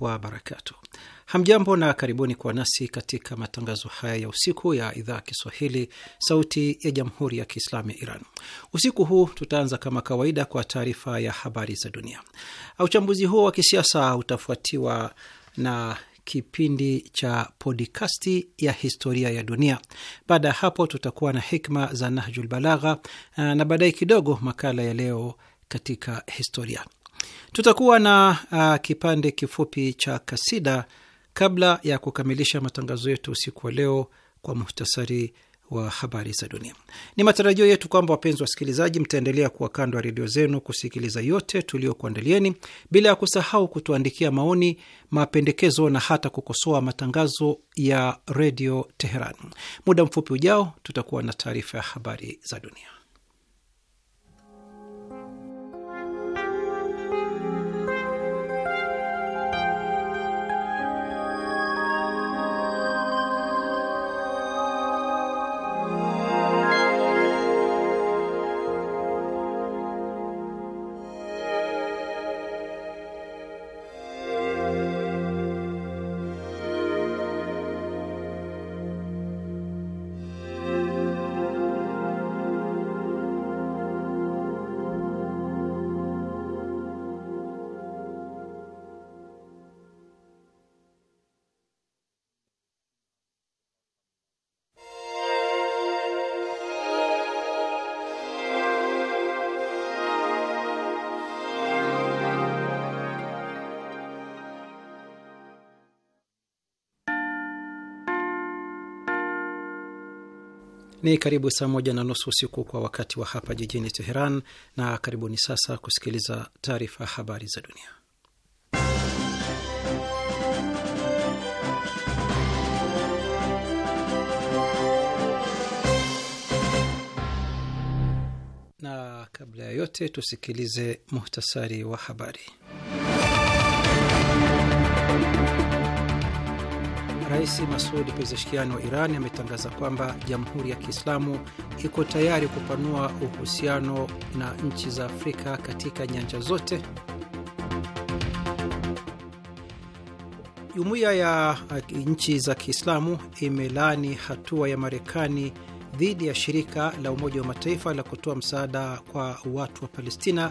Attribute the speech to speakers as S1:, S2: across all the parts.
S1: wabarakatuh. Hamjambo na karibuni kwa nasi katika matangazo haya ya usiku ya idhaa ya Kiswahili, Sauti ya Jamhuri ya Kiislamu ya Iran. Usiku huu tutaanza kama kawaida kwa taarifa ya habari za dunia. Uchambuzi huo wa kisiasa utafuatiwa na kipindi cha podikasti ya historia ya dunia. Baada ya hapo, tutakuwa na hikma za Nahjul Balagha na baadaye kidogo makala ya leo katika historia. Tutakuwa na uh, kipande kifupi cha kasida kabla ya kukamilisha matangazo yetu usiku wa leo kwa muhtasari wa habari za dunia. Ni matarajio yetu kwamba wapenzi wasikilizaji, mtaendelea kuwa kando ya redio zenu kusikiliza yote tuliokuandalieni, bila ya kusahau kutuandikia maoni, mapendekezo na hata kukosoa matangazo ya redio Teheran. Muda mfupi ujao, tutakuwa na taarifa ya habari za dunia. Ni karibu saa moja na nusu usiku kwa wakati wa hapa jijini Teheran, na karibuni sasa kusikiliza taarifa ya habari za dunia. Na kabla ya yote tusikilize muhtasari wa habari. Rais Masud Pezeshkian wa Iran ametangaza kwamba Jamhuri ya Kiislamu iko tayari kupanua uhusiano na nchi za Afrika katika nyanja zote. Jumuiya ya nchi za Kiislamu imelaani hatua ya Marekani dhidi ya shirika la Umoja wa Mataifa la kutoa msaada kwa watu wa Palestina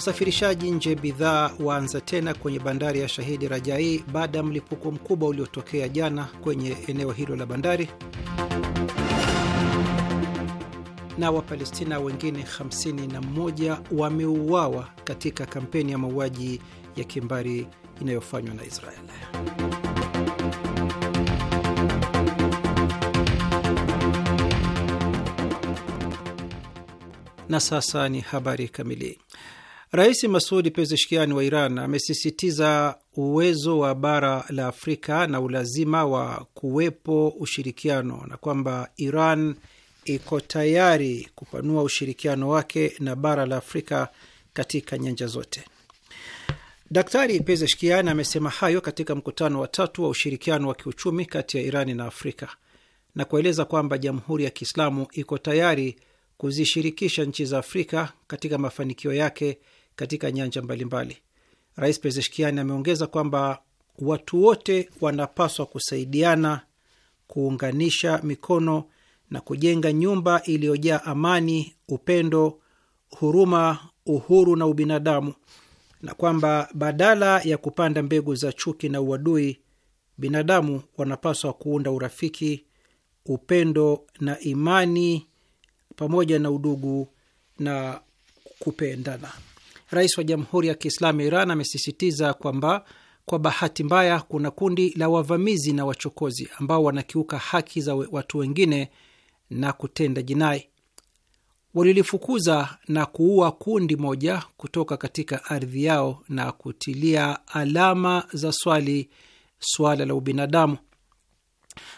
S1: usafirishaji nje bidhaa waanza tena kwenye bandari ya Shahidi Rajai baada ya mlipuko mkubwa uliotokea jana kwenye eneo hilo la bandari. Na Wapalestina wengine 51 wameuawa katika kampeni ya mauaji ya kimbari inayofanywa na Israeli. Na sasa ni habari kamili. Rais Masudi Pezeshkiani wa Iran amesisitiza uwezo wa bara la Afrika na ulazima wa kuwepo ushirikiano na kwamba Iran iko tayari kupanua ushirikiano wake na bara la Afrika katika nyanja zote. Daktari Pezeshkian amesema hayo katika mkutano wa tatu wa ushirikiano wa kiuchumi kati ya Irani na Afrika na kueleza kwamba Jamhuri ya Kiislamu iko tayari kuzishirikisha nchi za Afrika katika mafanikio yake katika nyanja mbalimbali. Rais Pezeshkiani ameongeza kwamba watu wote wanapaswa kusaidiana, kuunganisha mikono na kujenga nyumba iliyojaa amani, upendo, huruma, uhuru na ubinadamu, na kwamba badala ya kupanda mbegu za chuki na uadui, binadamu wanapaswa kuunda urafiki, upendo na imani pamoja na udugu na kupendana. Rais wa Jamhuri ya Kiislamu ya Iran amesisitiza kwamba kwa bahati mbaya kuna kundi la wavamizi na wachokozi ambao wanakiuka haki za watu wengine na kutenda jinai. Walilifukuza na kuua kundi moja kutoka katika ardhi yao na kutilia alama za swali suala la ubinadamu.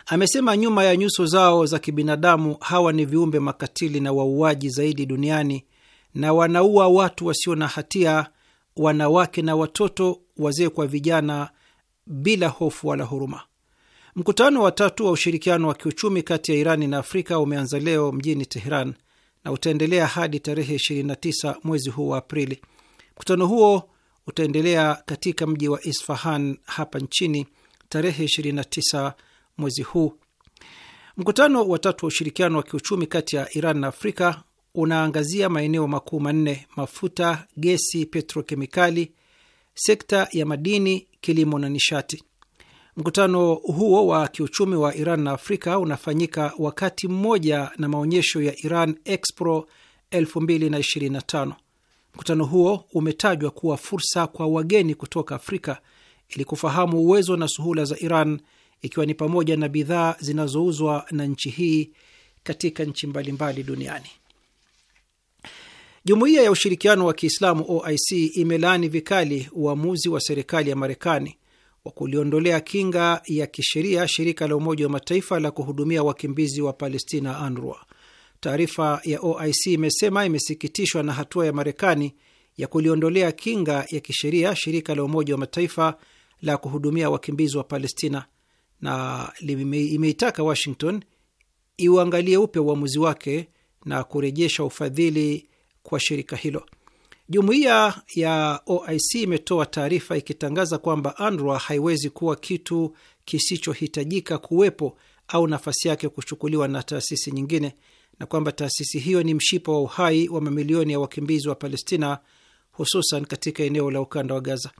S1: Amesema nyuma ya nyuso zao za kibinadamu, hawa ni viumbe makatili na wauaji zaidi duniani na wanaua watu wasio na hatia, wanawake na watoto, wazee kwa vijana, bila hofu wala huruma. Mkutano wa tatu wa ushirikiano wa kiuchumi kati ya Irani na Afrika umeanza leo mjini Teheran na utaendelea hadi tarehe 29 mwezi huu wa Aprili. Mkutano huo utaendelea katika mji wa Isfahan hapa nchini tarehe 29 mwezi huu. Mkutano wa tatu wa ushirikiano wa kiuchumi kati ya Iran na Afrika unaangazia maeneo makuu manne: mafuta, gesi, petrokemikali, sekta ya madini, kilimo na nishati. Mkutano huo wa kiuchumi wa Iran na Afrika unafanyika wakati mmoja na maonyesho ya Iran Expo 2025. Mkutano huo umetajwa kuwa fursa kwa wageni kutoka Afrika ili kufahamu uwezo na suhula za Iran, ikiwa ni pamoja na bidhaa zinazouzwa na nchi hii katika nchi mbalimbali duniani. Jumuiya ya Ushirikiano wa Kiislamu OIC imelaani vikali uamuzi wa serikali ya Marekani wa kuliondolea kinga ya kisheria shirika la Umoja wa Mataifa la kuhudumia wakimbizi wa Palestina, UNRWA. Taarifa ya OIC imesema imesikitishwa na hatua ya Marekani ya kuliondolea kinga ya kisheria shirika la Umoja wa Mataifa la kuhudumia wakimbizi wa Palestina na imeitaka Washington iuangalie upya uamuzi wake na kurejesha ufadhili kwa shirika hilo. Jumuiya ya OIC imetoa taarifa ikitangaza kwamba UNRWA haiwezi kuwa kitu kisichohitajika kuwepo au nafasi yake kuchukuliwa na taasisi nyingine, na kwamba taasisi hiyo ni mshipa wa uhai wa mamilioni ya wakimbizi wa Palestina, hususan katika eneo la ukanda wa Gaza.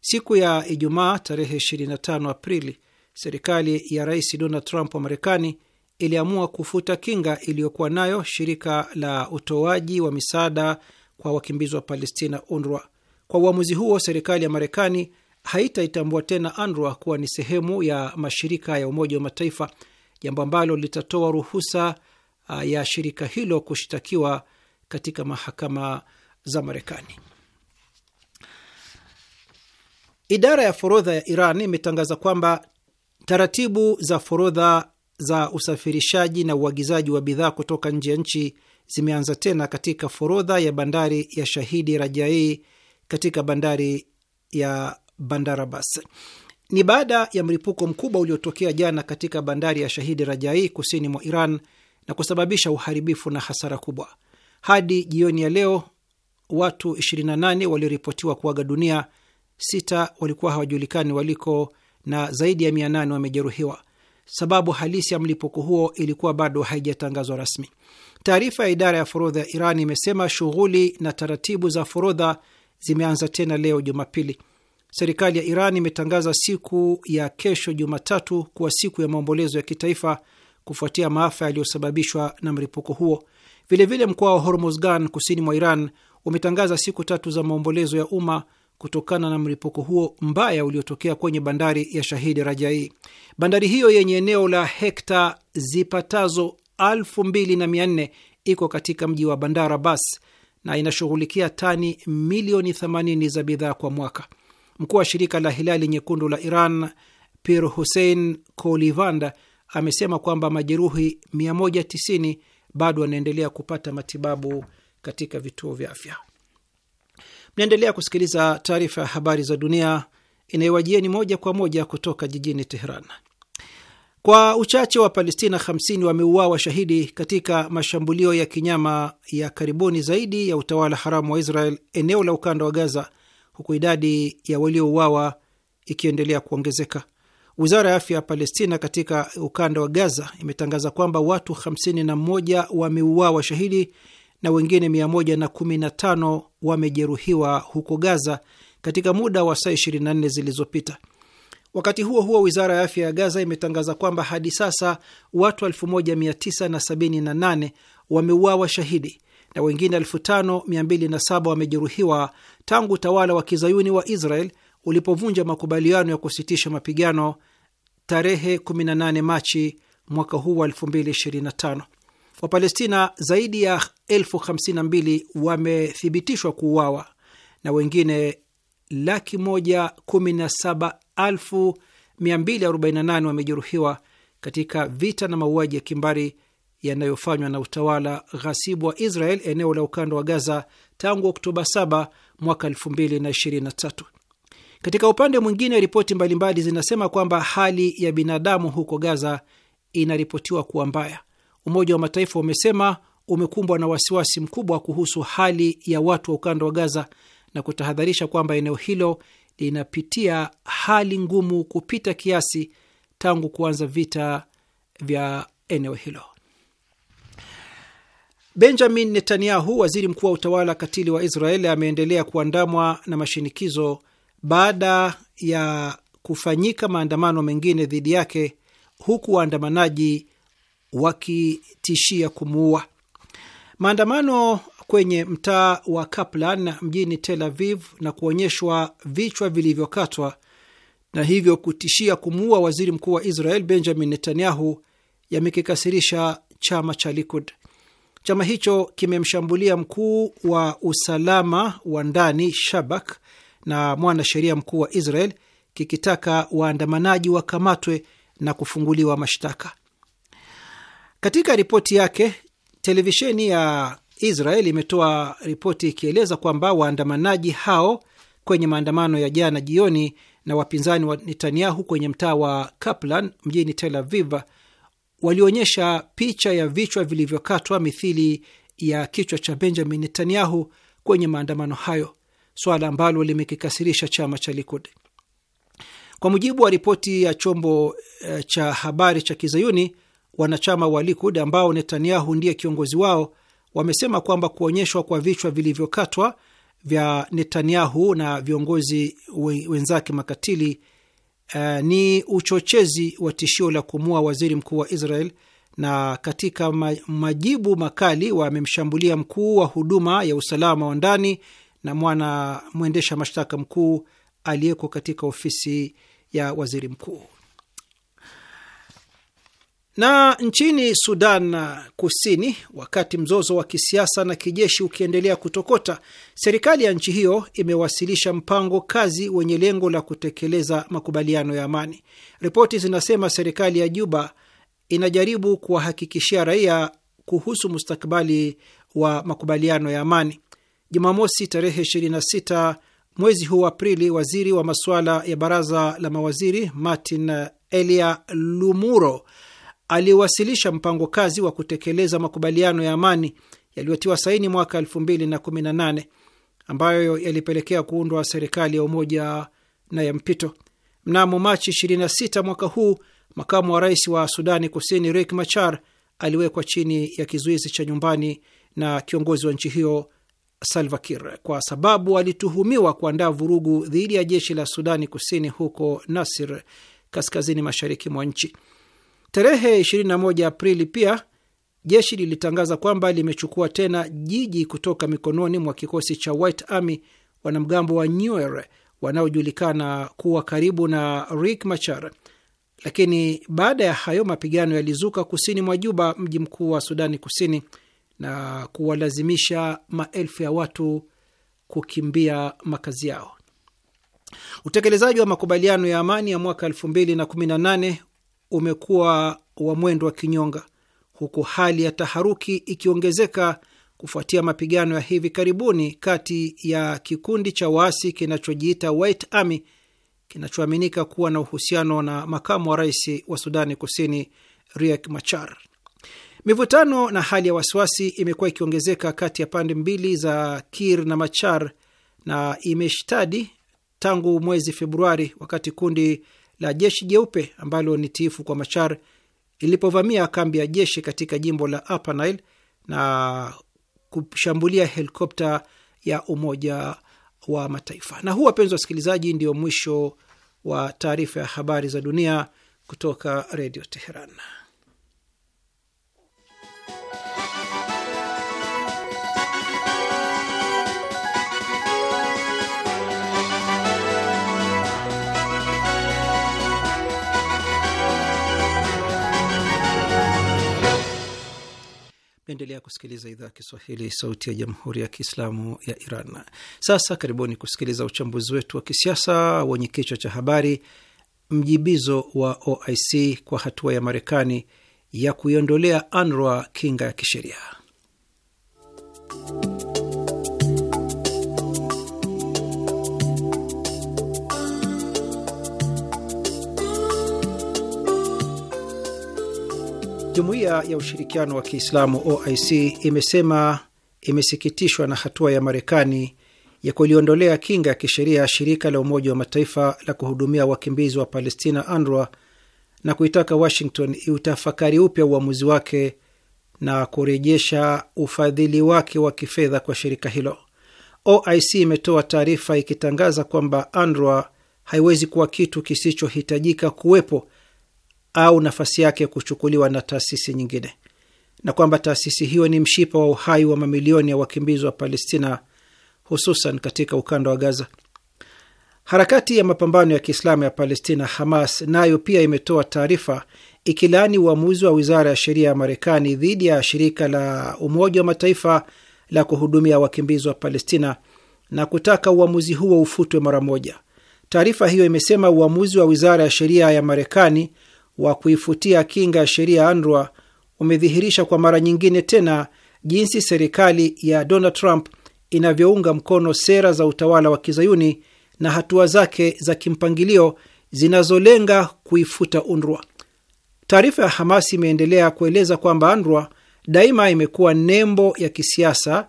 S1: Siku ya Ijumaa tarehe 25 Aprili, serikali ya Rais Donald Trump wa Marekani iliamua kufuta kinga iliyokuwa nayo shirika la utoaji wa misaada kwa wakimbizi wa Palestina, UNRWA. Kwa uamuzi huo, serikali ya Marekani haitaitambua tena UNRWA kuwa ni sehemu ya mashirika ya Umoja wa Mataifa, jambo ambalo litatoa ruhusa ah, ya shirika hilo kushtakiwa katika mahakama za Marekani. Idara ya forodha ya Iran imetangaza kwamba taratibu za forodha za usafirishaji na uagizaji wa bidhaa kutoka nje ya nchi zimeanza tena katika forodha ya bandari ya Shahidi Rajai katika bandari ya Bandarabas. Ni baada ya mlipuko mkubwa uliotokea jana katika bandari ya Shahidi Rajai kusini mwa Iran na kusababisha uharibifu na hasara kubwa. Hadi jioni ya leo watu 28 walioripotiwa kuaga dunia, sita walikuwa hawajulikani waliko na zaidi ya 800 wamejeruhiwa. Sababu halisi ya mlipuko huo ilikuwa bado haijatangazwa rasmi. Taarifa ya idara ya forodha ya Iran imesema shughuli na taratibu za forodha zimeanza tena leo Jumapili. Serikali ya Iran imetangaza siku ya kesho Jumatatu kuwa siku ya maombolezo ya kitaifa kufuatia maafa yaliyosababishwa na mlipuko huo. Vilevile, mkoa wa Hormozgan kusini mwa Iran umetangaza siku tatu za maombolezo ya umma kutokana na mlipuko huo mbaya uliotokea kwenye bandari ya Shahidi Rajai. Bandari hiyo yenye eneo la hekta zipatazo 24 iko katika mji wa Bandar Abbas na inashughulikia tani milioni 80 za bidhaa kwa mwaka. Mkuu wa shirika la Hilali Nyekundu la Iran Pir Hussein Kolivand amesema kwamba majeruhi 190 bado wanaendelea kupata matibabu katika vituo vya afya. Mnaendelea kusikiliza taarifa ya habari za dunia inayowajieni moja kwa moja kutoka jijini Teheran. Kwa uchache wa Palestina 50 wameuawa shahidi katika mashambulio ya kinyama ya karibuni zaidi ya utawala haramu wa Israel eneo la ukanda wa Gaza, huku idadi ya waliouawa ikiendelea kuongezeka. Wizara ya afya ya Palestina katika ukanda wa Gaza imetangaza kwamba watu 51 wameuawa shahidi na wengine 115 wamejeruhiwa huko Gaza katika muda wa saa 24 zilizopita. Wakati huo huo, wizara ya afya ya Gaza imetangaza kwamba hadi sasa watu 1978 wameuawa shahidi na wengine 5207 wamejeruhiwa tangu utawala wa kizayuni wa Israel ulipovunja makubaliano ya kusitisha mapigano tarehe 18 Machi mwaka huu wa 2025. Wapalestina zaidi ya elfu hamsini na mbili wamethibitishwa kuuawa na wengine laki moja kumi na saba elfu mia mbili arobaini na nane wamejeruhiwa katika vita na mauaji ya kimbari yanayofanywa na utawala ghasibu wa Israel eneo la ukanda wa Gaza tangu Oktoba 7 mwaka 2023. Katika upande mwingine, ripoti mbalimbali zinasema kwamba hali ya binadamu huko Gaza inaripotiwa kuwa mbaya Umoja wa Mataifa umesema umekumbwa na wasiwasi mkubwa kuhusu hali ya watu wa ukanda wa Gaza na kutahadharisha kwamba eneo hilo linapitia hali ngumu kupita kiasi tangu kuanza vita vya eneo hilo. Benjamin Netanyahu, waziri mkuu wa utawala katili wa Israeli, ameendelea kuandamwa na mashinikizo baada ya kufanyika maandamano mengine dhidi yake, huku waandamanaji wakitishia kumuua. Maandamano kwenye mtaa wa Kaplan mjini Tel Aviv na kuonyeshwa vichwa vilivyokatwa na hivyo kutishia kumuua waziri mkuu wa Israel Benjamin Netanyahu yamekikasirisha chama cha Likud. Chama hicho kimemshambulia mkuu wa usalama wa ndani Shabak na mwanasheria mkuu wa Israel kikitaka waandamanaji wakamatwe na kufunguliwa mashtaka. Katika ripoti yake, televisheni ya Israel imetoa ripoti ikieleza kwamba waandamanaji hao kwenye maandamano ya jana jioni na wapinzani wa Netanyahu kwenye mtaa wa Kaplan mjini Tel Aviv walionyesha picha ya vichwa vilivyokatwa mithili ya kichwa cha Benjamin Netanyahu kwenye maandamano hayo, swala ambalo limekikasirisha chama cha Likud. Kwa mujibu wa ripoti ya chombo eh, cha habari cha Kizayuni, wanachama wa Likud ambao Netanyahu ndiye kiongozi wao wamesema kwamba kuonyeshwa kwa vichwa vilivyokatwa vya Netanyahu na viongozi wenzake makatili uh, ni uchochezi wa tishio la kumua waziri mkuu wa Israel. Na katika majibu makali wamemshambulia mkuu wa huduma ya usalama wa ndani na mwana mwendesha mashtaka mkuu aliyeko katika ofisi ya waziri mkuu. Na nchini Sudan Kusini, wakati mzozo wa kisiasa na kijeshi ukiendelea kutokota, serikali ya nchi hiyo imewasilisha mpango kazi wenye lengo la kutekeleza makubaliano ya amani. Ripoti zinasema serikali ya Juba inajaribu kuwahakikishia raia kuhusu mustakabali wa makubaliano ya amani. Jumamosi tarehe 26 mwezi huu Aprili, waziri wa masuala ya baraza la mawaziri Martin Elia Lumuro aliwasilisha mpango kazi wa kutekeleza makubaliano ya amani yaliyotiwa saini mwaka 2018 ambayo yalipelekea kuundwa serikali ya umoja na ya mpito. Mnamo Machi 26 mwaka huu, makamu wa rais wa Sudani Kusini Riek Machar aliwekwa chini ya kizuizi cha nyumbani na kiongozi wa nchi hiyo Salva Kiir kwa sababu alituhumiwa kuandaa vurugu dhidi ya jeshi la Sudani Kusini huko Nasir, kaskazini mashariki mwa nchi. Tarehe 21 Aprili pia jeshi lilitangaza kwamba limechukua tena jiji kutoka mikononi mwa kikosi cha White Army, wanamgambo wa Nuer wanaojulikana kuwa karibu na Riek Machar. Lakini baada ya hayo mapigano yalizuka kusini mwa Juba, mji mkuu wa Sudani Kusini, na kuwalazimisha maelfu ya watu kukimbia makazi yao. Utekelezaji wa makubaliano ya amani ya mwaka 2018 umekuwa wa mwendo wa kinyonga, huku hali ya taharuki ikiongezeka kufuatia mapigano ya hivi karibuni kati ya kikundi cha waasi kinachojiita White Army kinachoaminika kuwa na uhusiano na makamu wa rais wa Sudani Kusini Riek Machar. Mivutano na hali ya wasiwasi imekuwa ikiongezeka kati ya pande mbili za Kir na Machar na imeshtadi tangu mwezi Februari, wakati kundi la jeshi jeupe ambalo ni tiifu kwa Machar ilipovamia kambi ya jeshi katika jimbo la Upper Nile na kushambulia helikopta ya Umoja wa Mataifa. Na huu, wapenzi wasikilizaji, ndio mwisho wa taarifa ya habari za dunia kutoka Redio Teheran. Naendelea kusikiliza idhaa ya Kiswahili, sauti ya jamhuri ya kiislamu ya Iran. Sasa karibuni kusikiliza uchambuzi wetu wa kisiasa wenye kichwa cha habari mjibizo wa OIC kwa hatua ya Marekani ya kuiondolea UNRWA kinga ya kisheria. Jumuiya ya Ushirikiano wa Kiislamu OIC imesema imesikitishwa na hatua ya Marekani ya kuliondolea kinga ya kisheria shirika la Umoja wa Mataifa la kuhudumia wakimbizi wa Palestina UNRWA na kuitaka Washington iutafakari upya uamuzi wake na kurejesha ufadhili wake wa kifedha kwa shirika hilo. OIC imetoa taarifa ikitangaza kwamba UNRWA haiwezi kuwa kitu kisichohitajika kuwepo au nafasi yake kuchukuliwa na taasisi nyingine, na kwamba taasisi hiyo ni mshipa wa uhai wa mamilioni ya wakimbizi wa Palestina, hususan katika ukanda wa Gaza. Harakati ya mapambano ya Kiislamu ya Palestina, Hamas, nayo pia imetoa taarifa ikilaani uamuzi wa wizara ya sheria ya Marekani dhidi ya shirika la Umoja wa Mataifa la kuhudumia wakimbizi wa Palestina na kutaka uamuzi huo ufutwe mara moja. Taarifa hiyo imesema uamuzi wa wizara ya sheria ya Marekani wa kuifutia kinga ya sheria ya umedhihirisha kwa mara nyingine tena jinsi serikali ya Donald Trump inavyounga mkono sera za utawala wa kizayuni na hatua zake za kimpangilio zinazolenga kuifuta UNRWA. Taarifa ya Hamas imeendelea kueleza kwamba UNRWA daima imekuwa nembo ya kisiasa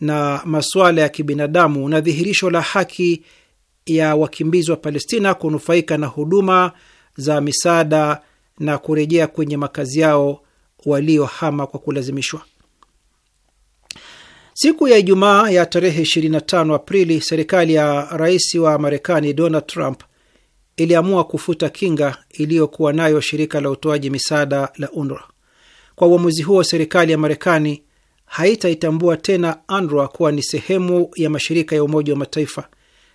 S1: na masuala ya kibinadamu na dhihirisho la haki ya wakimbizi wa Palestina kunufaika na huduma za misaada na kurejea kwenye makazi yao waliohama kwa kulazimishwa. Siku ya Ijumaa ya tarehe 25 Aprili, serikali ya rais wa Marekani Donald Trump iliamua kufuta kinga iliyokuwa nayo shirika la utoaji misaada la UNRWA. Kwa uamuzi huo, serikali ya Marekani haitaitambua tena UNRWA kuwa ni sehemu ya mashirika ya Umoja wa Mataifa,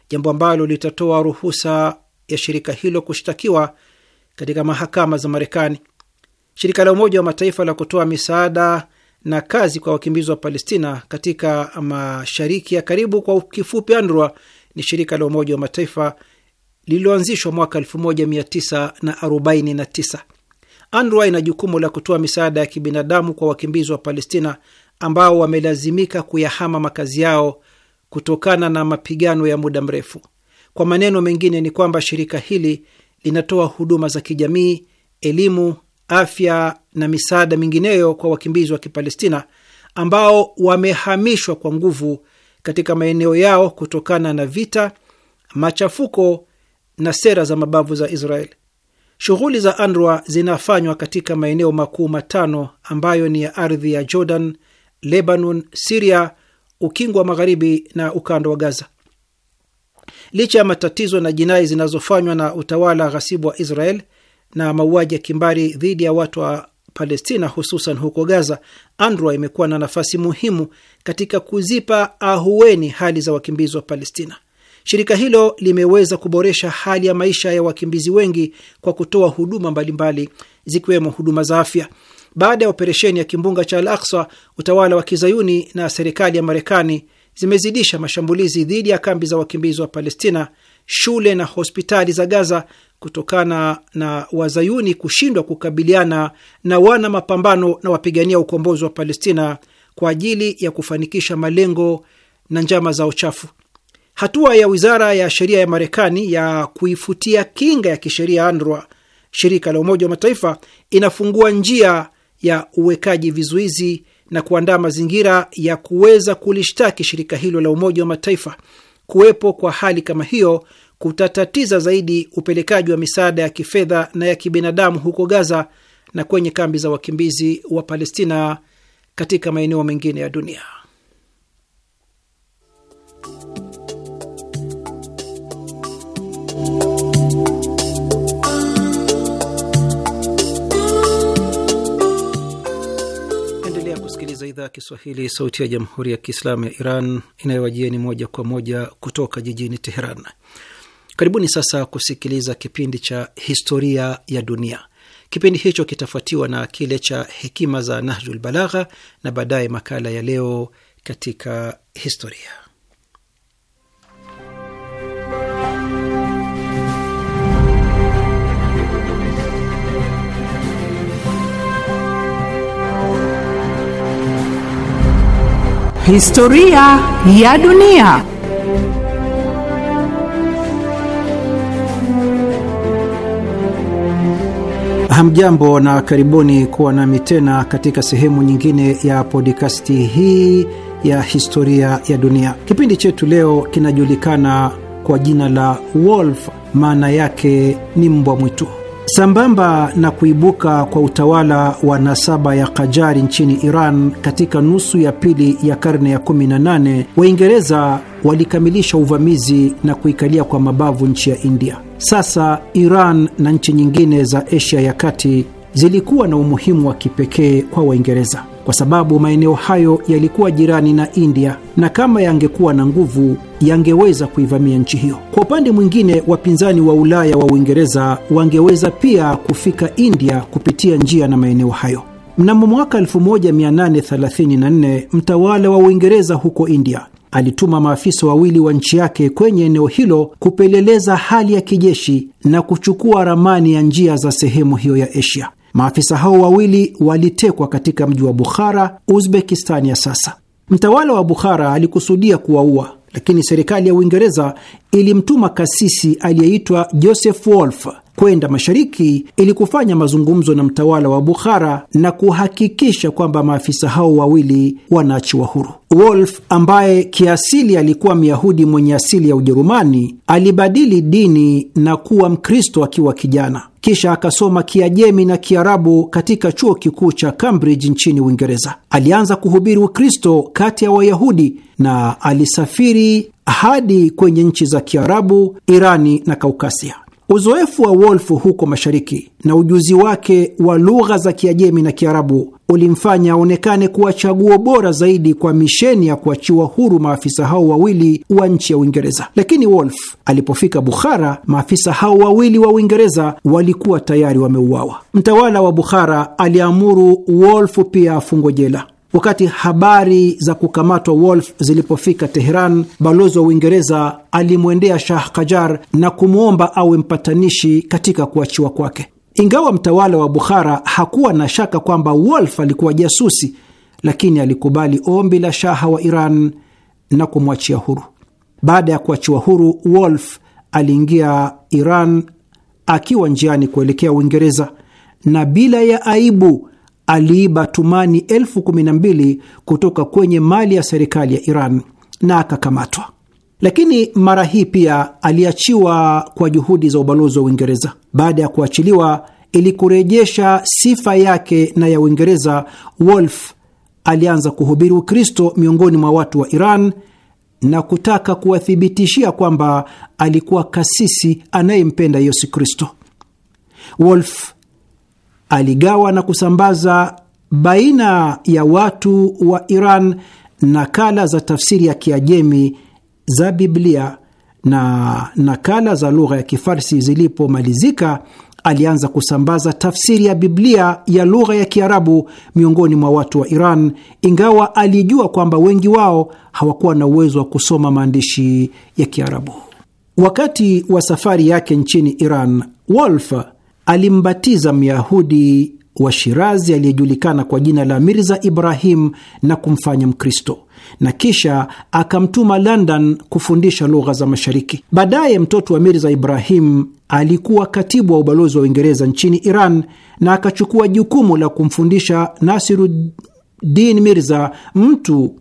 S1: jambo ambalo litatoa ruhusa ya shirika hilo kushtakiwa katika mahakama za Marekani. Shirika la Umoja wa Mataifa la kutoa misaada na kazi kwa wakimbizi wa Palestina katika mashariki ya karibu, kwa kifupi ANRWA, ni shirika la Umoja wa Mataifa lililoanzishwa mwaka 1949. ANRWA ina jukumu la kutoa misaada ya kibinadamu kwa wakimbizi wa Palestina ambao wamelazimika kuyahama makazi yao kutokana na mapigano ya muda mrefu. Kwa maneno mengine, ni kwamba shirika hili linatoa huduma za kijamii, elimu, afya na misaada mingineyo kwa wakimbizi wa Kipalestina ambao wamehamishwa kwa nguvu katika maeneo yao kutokana na vita, machafuko na sera za mabavu za Israel. Shughuli za UNRWA zinafanywa katika maeneo makuu matano ambayo ni ya ardhi ya Jordan, Lebanon, Siria, ukingo wa magharibi na ukanda wa Gaza. Licha ya matatizo na jinai zinazofanywa na utawala ghasibu wa Israel na mauaji ya kimbari dhidi ya watu wa Palestina, hususan huko Gaza, Andrua imekuwa na nafasi muhimu katika kuzipa ahueni hali za wakimbizi wa Palestina. Shirika hilo limeweza kuboresha hali ya maisha ya wakimbizi wengi kwa kutoa huduma mbalimbali zikiwemo huduma za afya. Baada ya operesheni ya kimbunga cha Al Aksa, utawala wa kizayuni na serikali ya Marekani zimezidisha mashambulizi dhidi ya kambi za wakimbizi wa Palestina, shule na hospitali za Gaza kutokana na wazayuni kushindwa kukabiliana na wana mapambano na wapigania ukombozi wa Palestina kwa ajili ya kufanikisha malengo na njama za uchafu Hatua ya wizara ya sheria ya Marekani ya kuifutia kinga ya kisheria andra shirika la Umoja wa Mataifa, inafungua njia ya uwekaji vizuizi na kuandaa mazingira ya kuweza kulishtaki shirika hilo la Umoja wa Mataifa. Kuwepo kwa hali kama hiyo kutatatiza zaidi upelekaji wa misaada ya kifedha na ya kibinadamu huko Gaza na kwenye kambi za wakimbizi wa Palestina katika maeneo mengine ya dunia. Matangazo ya idhaa ya Kiswahili, sauti ya jamhuri ya kiislamu ya Iran inayowajieni moja kwa moja kutoka jijini Teheran. Karibuni sasa kusikiliza kipindi cha historia ya dunia. Kipindi hicho kitafuatiwa na kile cha hekima za Nahjul Balagha na baadaye makala ya leo katika historia. Historia ya dunia. Hamjambo na karibuni kuwa nami tena katika sehemu nyingine ya podikasti hii ya historia ya dunia. Kipindi chetu leo kinajulikana kwa jina la Wolf, maana yake ni mbwa mwitu. Sambamba na kuibuka kwa utawala wa nasaba ya Kajari nchini Iran katika nusu ya pili ya karne ya 18, Waingereza walikamilisha uvamizi na kuikalia kwa mabavu nchi ya India. Sasa Iran na nchi nyingine za Asia ya Kati zilikuwa na umuhimu wa kipekee kwa Waingereza kwa sababu maeneo hayo yalikuwa jirani na India na kama yangekuwa na nguvu yangeweza kuivamia nchi hiyo. Kwa upande mwingine, wapinzani wa Ulaya wa Uingereza wangeweza pia kufika India kupitia njia na maeneo hayo. Mnamo mwaka 1834 mtawala wa Uingereza huko India alituma maafisa wawili wa nchi yake kwenye eneo hilo kupeleleza hali ya kijeshi na kuchukua ramani ya njia za sehemu hiyo ya Asia. Maafisa hao wawili walitekwa katika mji wa Bukhara, Uzbekistani ya sasa. Mtawala wa Bukhara alikusudia kuwaua, lakini serikali ya Uingereza ilimtuma kasisi aliyeitwa Joseph Wolf kwenda mashariki ili kufanya mazungumzo na mtawala wa Bukhara na kuhakikisha kwamba maafisa hao wawili wanaachiwa huru. Wolf ambaye kiasili alikuwa Myahudi mwenye asili ya Ujerumani alibadili dini na kuwa Mkristo akiwa kijana, kisha akasoma Kiajemi na Kiarabu katika chuo kikuu cha Cambridge nchini Uingereza. Alianza kuhubiri Ukristo kati ya Wayahudi na alisafiri hadi kwenye nchi za Kiarabu, Irani na Kaukasia. Uzoefu wa Wolf huko mashariki na ujuzi wake wa lugha za Kiajemi na Kiarabu ulimfanya aonekane kuwa chaguo bora zaidi kwa misheni ya kuachiwa huru maafisa hao wawili wa nchi ya Uingereza. Lakini Wolf alipofika Bukhara, maafisa hao wawili wa Uingereza walikuwa tayari wameuawa. Mtawala wa Bukhara aliamuru Wolf pia afungwe jela. Wakati habari za kukamatwa Wolf zilipofika Teheran, balozi wa Uingereza alimwendea Shah Kajar na kumwomba awe mpatanishi katika kuachiwa kwake. Ingawa mtawala wa Bukhara hakuwa na shaka kwamba Wolf alikuwa jasusi, lakini alikubali ombi la shaha wa Iran na kumwachia huru. Baada ya kuachiwa huru, Wolf aliingia Iran akiwa njiani kuelekea Uingereza, na bila ya aibu aliiba tumani elfu kumi na mbili kutoka kwenye mali ya serikali ya Iran na akakamatwa, lakini mara hii pia aliachiwa kwa juhudi za ubalozi wa Uingereza. Baada ya kuachiliwa ili kurejesha sifa yake na ya Uingereza, Wolf alianza kuhubiri Ukristo miongoni mwa watu wa Iran na kutaka kuwathibitishia kwamba alikuwa kasisi anayempenda Yesu Kristo. Wolf aligawa na kusambaza baina ya watu wa Iran nakala za tafsiri ya Kiajemi za Biblia na nakala za lugha ya Kifarsi zilipomalizika alianza kusambaza tafsiri ya Biblia ya lugha ya Kiarabu miongoni mwa watu wa Iran, ingawa alijua kwamba wengi wao hawakuwa na uwezo wa kusoma maandishi ya Kiarabu. Wakati wa safari yake nchini Iran, Wolf alimbatiza Myahudi wa Shirazi aliyejulikana kwa jina la Mirza Ibrahim na kumfanya Mkristo na kisha akamtuma London kufundisha lugha za Mashariki. Baadaye mtoto wa Mirza Ibrahim alikuwa katibu wa ubalozi wa Uingereza nchini Iran na akachukua jukumu la kumfundisha Nasiruddin Mirza, mtu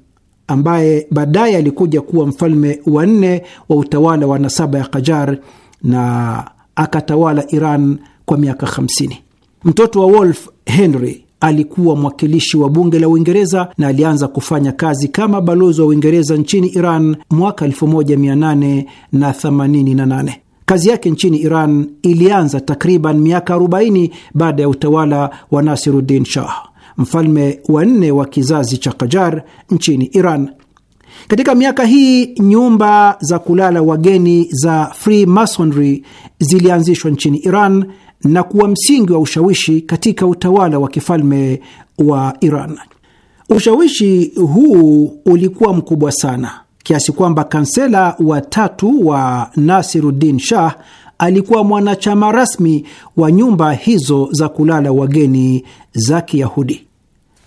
S1: ambaye baadaye alikuja kuwa mfalme wa nne wa utawala wa nasaba ya Kajar na akatawala Iran kwa miaka 50. Mtoto wa Wolf Henry alikuwa mwakilishi wa bunge la Uingereza na alianza kufanya kazi kama balozi wa Uingereza nchini Iran mwaka 1888. Kazi yake nchini Iran ilianza takriban miaka 40 baada ya utawala wa Nasiruddin Shah, mfalme wa nne wa kizazi cha Kajar nchini Iran. Katika miaka hii nyumba za kulala wageni za masonry zilianzishwa nchini Iran na kuwa msingi wa ushawishi katika utawala wa kifalme wa Iran. Ushawishi huu ulikuwa mkubwa sana kiasi kwamba kansela wa tatu wa Nasiruddin Shah alikuwa mwanachama rasmi wa nyumba hizo za kulala wageni za Kiyahudi.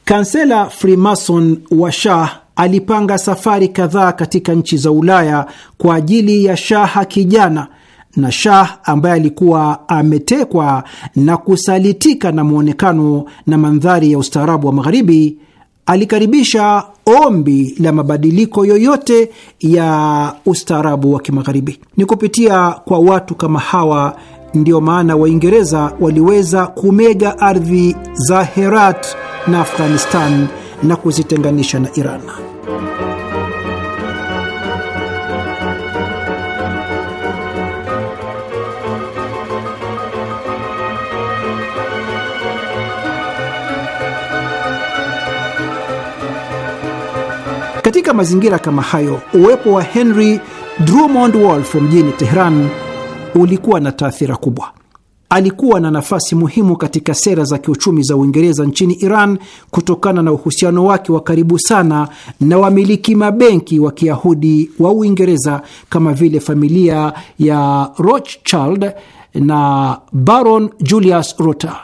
S1: Kansela Freemason wa Shah alipanga safari kadhaa katika nchi za Ulaya kwa ajili ya shaha kijana na Shah ambaye alikuwa ametekwa na kusalitika na mwonekano na mandhari ya ustaarabu wa Magharibi, alikaribisha ombi la mabadiliko yoyote ya ustaarabu wa Kimagharibi. Ni kupitia kwa watu kama hawa ndiyo maana Waingereza waliweza kumega ardhi za Herat na Afghanistan na kuzitenganisha na Iran. Katika mazingira kama hayo, uwepo wa Henry Drummond Wolff mjini Teheran ulikuwa na taathira kubwa. Alikuwa na nafasi muhimu katika sera za kiuchumi za Uingereza nchini Iran kutokana na uhusiano wake wa karibu sana na wamiliki mabenki wa Kiyahudi wa Uingereza kama vile familia ya Rothschild na Baron Julius Rota.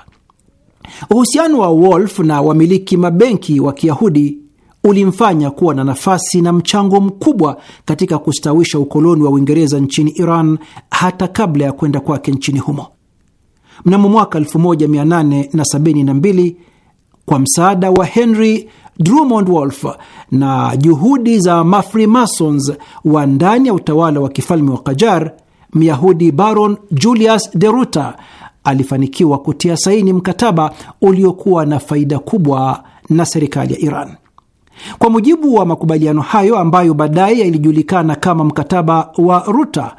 S1: Uhusiano wa Wolf na wamiliki mabenki wa Kiyahudi ulimfanya kuwa na nafasi na mchango mkubwa katika kustawisha ukoloni wa Uingereza nchini Iran hata kabla ya kwenda kwake nchini humo. Mnamo mwaka 1872 kwa msaada wa Henry Drummond Wolfe na juhudi za Mafremasons wa ndani ya utawala wa kifalme wa Kajar, Myahudi Baron Julius de ruter alifanikiwa kutia saini mkataba uliokuwa na faida kubwa na serikali ya Iran. Kwa mujibu wa makubaliano hayo ambayo baadaye yalijulikana kama mkataba wa Ruta,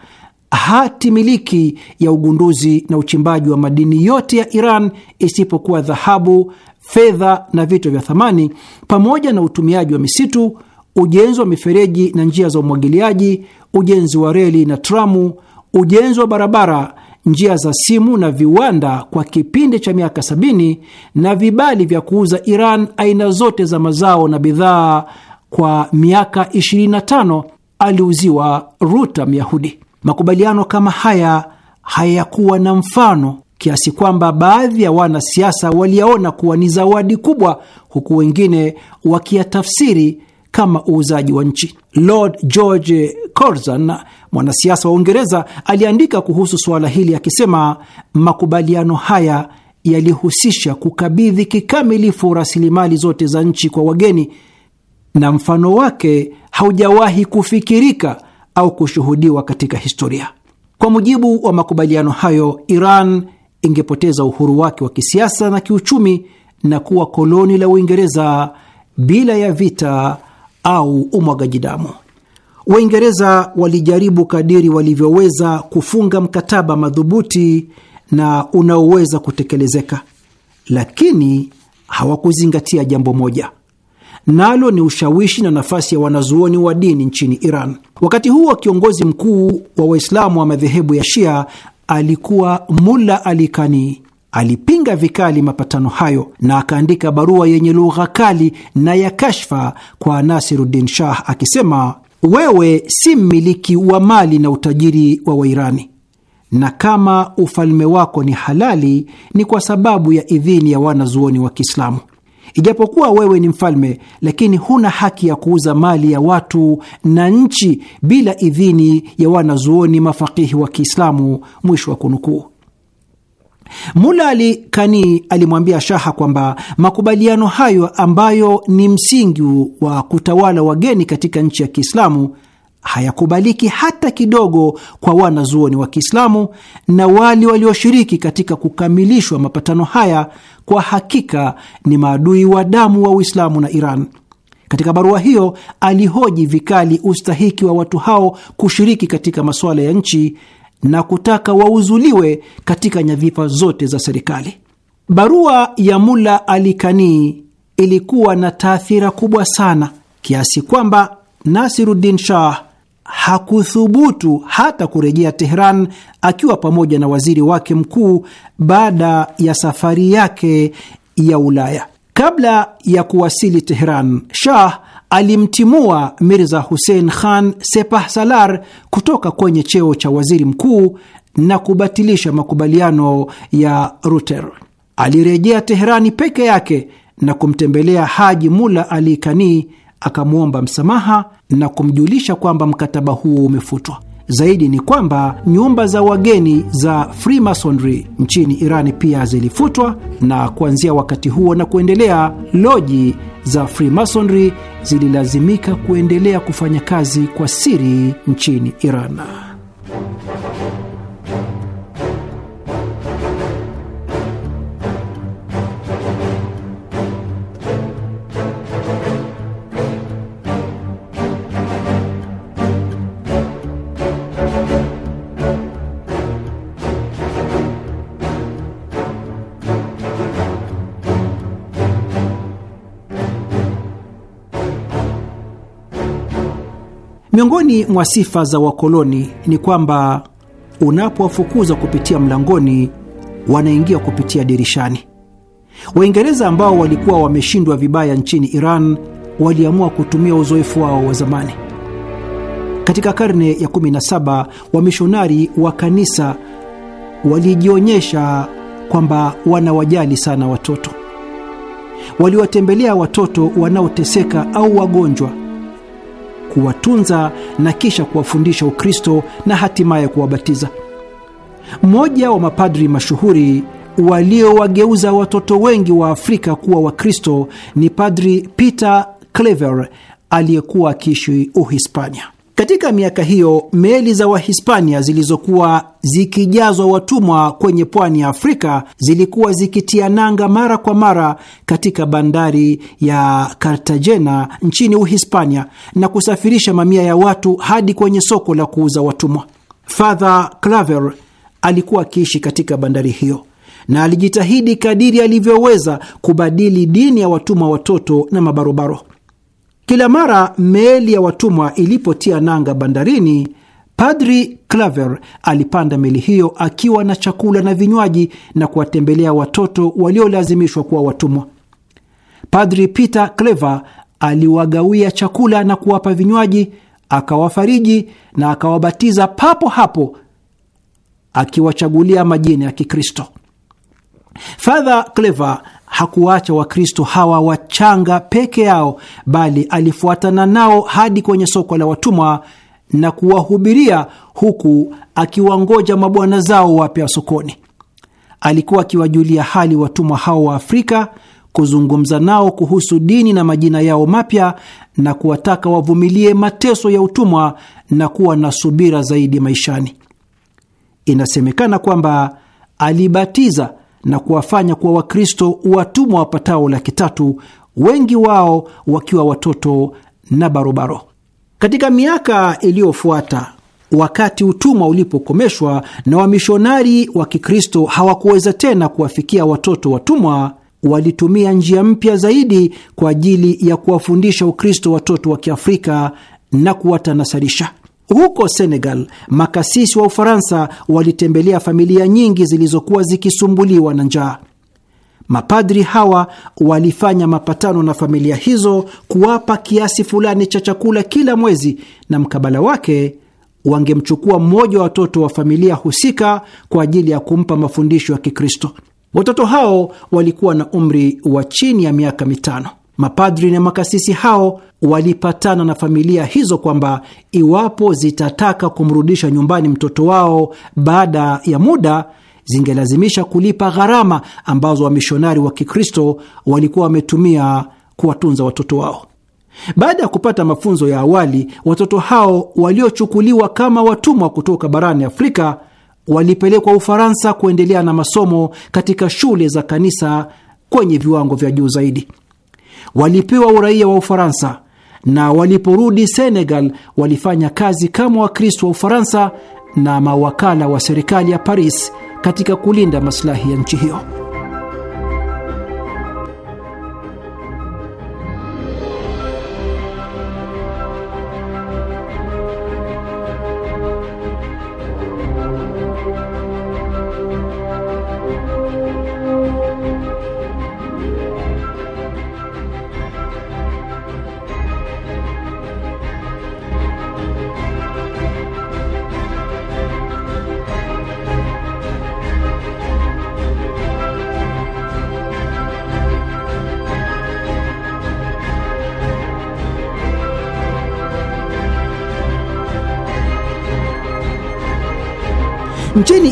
S1: hati miliki ya ugunduzi na uchimbaji wa madini yote ya Iran isipokuwa dhahabu, fedha na vito vya thamani, pamoja na utumiaji wa misitu, ujenzi wa mifereji na njia za umwagiliaji, ujenzi wa reli na tramu, ujenzi wa barabara njia za simu na viwanda kwa kipindi cha miaka sabini na vibali vya kuuza Iran aina zote za mazao na bidhaa kwa miaka 25. Aliuziwa Ruta Myahudi. Makubaliano kama haya hayakuwa na mfano kiasi kwamba baadhi ya wanasiasa waliyaona kuwa ni zawadi kubwa, huku wengine wakiyatafsiri kama uuzaji wa nchi. Lord George Curzon Mwanasiasa wa Uingereza aliandika kuhusu suala hili akisema, makubaliano haya yalihusisha kukabidhi kikamilifu rasilimali zote za nchi kwa wageni na mfano wake haujawahi kufikirika au kushuhudiwa katika historia. Kwa mujibu wa makubaliano hayo, Iran ingepoteza uhuru wake wa kisiasa na kiuchumi na kuwa koloni la Uingereza bila ya vita au umwagaji damu. Waingereza walijaribu kadiri walivyoweza kufunga mkataba madhubuti na unaoweza kutekelezeka, lakini hawakuzingatia jambo moja, nalo ni ushawishi na nafasi ya wanazuoni wa dini nchini Iran. Wakati huo kiongozi mkuu wa Waislamu wa madhehebu ya Shia alikuwa Mulla Ali Kani. Alipinga vikali mapatano hayo na akaandika barua yenye lugha kali na ya kashfa kwa Nasiruddin Shah akisema wewe si mmiliki wa mali na utajiri wa Wairani, na kama ufalme wako ni halali ni kwa sababu ya idhini ya wanazuoni wa Kiislamu. Ijapokuwa wewe ni mfalme, lakini huna haki ya kuuza mali ya watu na nchi bila idhini ya wanazuoni mafakihi wa Kiislamu. Mwisho wa kunukuu. Mula Ali Kani alimwambia shaha kwamba makubaliano hayo ambayo ni msingi wa kutawala wageni katika nchi ya Kiislamu hayakubaliki hata kidogo kwa wanazuoni wa Kiislamu na wale walioshiriki katika kukamilishwa mapatano haya kwa hakika ni maadui wa damu wa Uislamu na Iran. Katika barua hiyo alihoji vikali ustahiki wa watu hao kushiriki katika masuala ya nchi na kutaka wauzuliwe katika nyadhifa zote za serikali. Barua ya Mula Kani ilikuwa na taathira kubwa sana kiasi kwamba Nasiruddin Shah hakuthubutu hata kurejea Tehran akiwa pamoja na waziri wake mkuu baada ya safari yake ya Ulaya. Kabla ya kuwasili Tehran, Shah alimtimua Mirza Hussein Khan sepah salar kutoka kwenye cheo cha waziri mkuu na kubatilisha makubaliano ya Ruter. Alirejea Teherani peke yake na kumtembelea Haji Mula Ali Kani, akamwomba msamaha na kumjulisha kwamba mkataba huo umefutwa. Zaidi ni kwamba nyumba za wageni za Freemasonry nchini Irani pia zilifutwa, na kuanzia wakati huo na kuendelea, loji za Freemasonry zililazimika kuendelea kufanya kazi kwa siri nchini Iran. Miongoni mwa sifa za wakoloni ni kwamba unapowafukuza kupitia mlangoni, wanaingia kupitia dirishani. Waingereza ambao walikuwa wameshindwa vibaya nchini Iran waliamua kutumia uzoefu wao wa zamani. Katika karne ya 17 wamishonari wa kanisa walijionyesha kwamba wanawajali sana watoto. Waliwatembelea watoto wanaoteseka au wagonjwa kuwatunza na kisha kuwafundisha Ukristo na hatimaye kuwabatiza. Mmoja wa mapadri mashuhuri waliowageuza watoto wengi wa Afrika kuwa Wakristo ni Padri Peter Clever aliyekuwa akiishi Uhispania. Katika miaka hiyo meli za Wahispania zilizokuwa zikijazwa watumwa kwenye pwani ya Afrika zilikuwa zikitia nanga mara kwa mara katika bandari ya Cartagena nchini Uhispania na kusafirisha mamia ya watu hadi kwenye soko la kuuza watumwa. Father Claver alikuwa akiishi katika bandari hiyo na alijitahidi kadiri alivyoweza kubadili dini ya watumwa watoto na mabarobaro. Kila mara meli ya watumwa ilipotia nanga bandarini, Padri Claver alipanda meli hiyo akiwa na chakula na vinywaji na kuwatembelea watoto waliolazimishwa kuwa watumwa. Padri Peter Claver aliwagawia chakula na kuwapa vinywaji, akawafariji na akawabatiza papo hapo, akiwachagulia majina ya Kikristo. Father Claver hakuwacha Wakristo hawa wachanga peke yao, bali alifuatana nao hadi kwenye soko la watumwa na kuwahubiria huku akiwangoja mabwana zao wapya sokoni. Alikuwa akiwajulia hali watumwa hao wa Afrika, kuzungumza nao kuhusu dini na majina yao mapya, na kuwataka wavumilie mateso ya utumwa na kuwa na subira zaidi maishani. Inasemekana kwamba alibatiza na kuwafanya kuwa Wakristo watumwa wapatao laki tatu, wengi wao wakiwa watoto na barobaro. Katika miaka iliyofuata, wakati utumwa ulipokomeshwa na wamishonari wa Kikristo hawakuweza tena kuwafikia watoto watumwa, walitumia njia mpya zaidi kwa ajili ya kuwafundisha Ukristo watoto wa Kiafrika na kuwatanasarisha. Huko Senegal, makasisi wa Ufaransa walitembelea familia nyingi zilizokuwa zikisumbuliwa na njaa. Mapadri hawa walifanya mapatano na familia hizo kuwapa kiasi fulani cha chakula kila mwezi, na mkabala wake wangemchukua mmoja wa watoto wa familia husika kwa ajili ya kumpa mafundisho ya Kikristo. Watoto hao walikuwa na umri wa chini ya miaka mitano. Mapadri na makasisi hao walipatana na familia hizo kwamba iwapo zitataka kumrudisha nyumbani mtoto wao baada ya muda zingelazimisha kulipa gharama ambazo wamishonari wa Kikristo walikuwa wametumia kuwatunza watoto wao. Baada ya kupata mafunzo ya awali, watoto hao waliochukuliwa kama watumwa kutoka barani Afrika walipelekwa Ufaransa kuendelea na masomo katika shule za kanisa kwenye viwango vya juu zaidi walipewa uraia wa Ufaransa na waliporudi Senegal walifanya kazi kama Wakristo wa Ufaransa na mawakala wa serikali ya Paris katika kulinda masilahi ya nchi hiyo.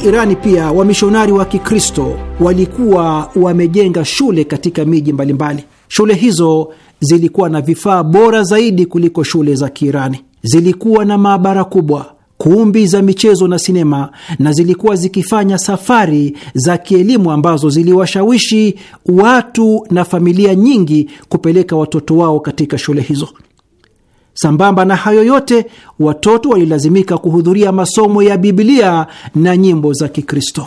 S1: Irani pia wamishonari wa Kikristo walikuwa wamejenga shule katika miji mbalimbali. Shule hizo zilikuwa na vifaa bora zaidi kuliko shule za Kiirani. Zilikuwa na maabara kubwa, kumbi za michezo na sinema, na zilikuwa zikifanya safari za kielimu ambazo ziliwashawishi watu na familia nyingi kupeleka watoto wao katika shule hizo. Sambamba na hayo yote, watoto walilazimika kuhudhuria masomo ya Biblia na nyimbo za Kikristo.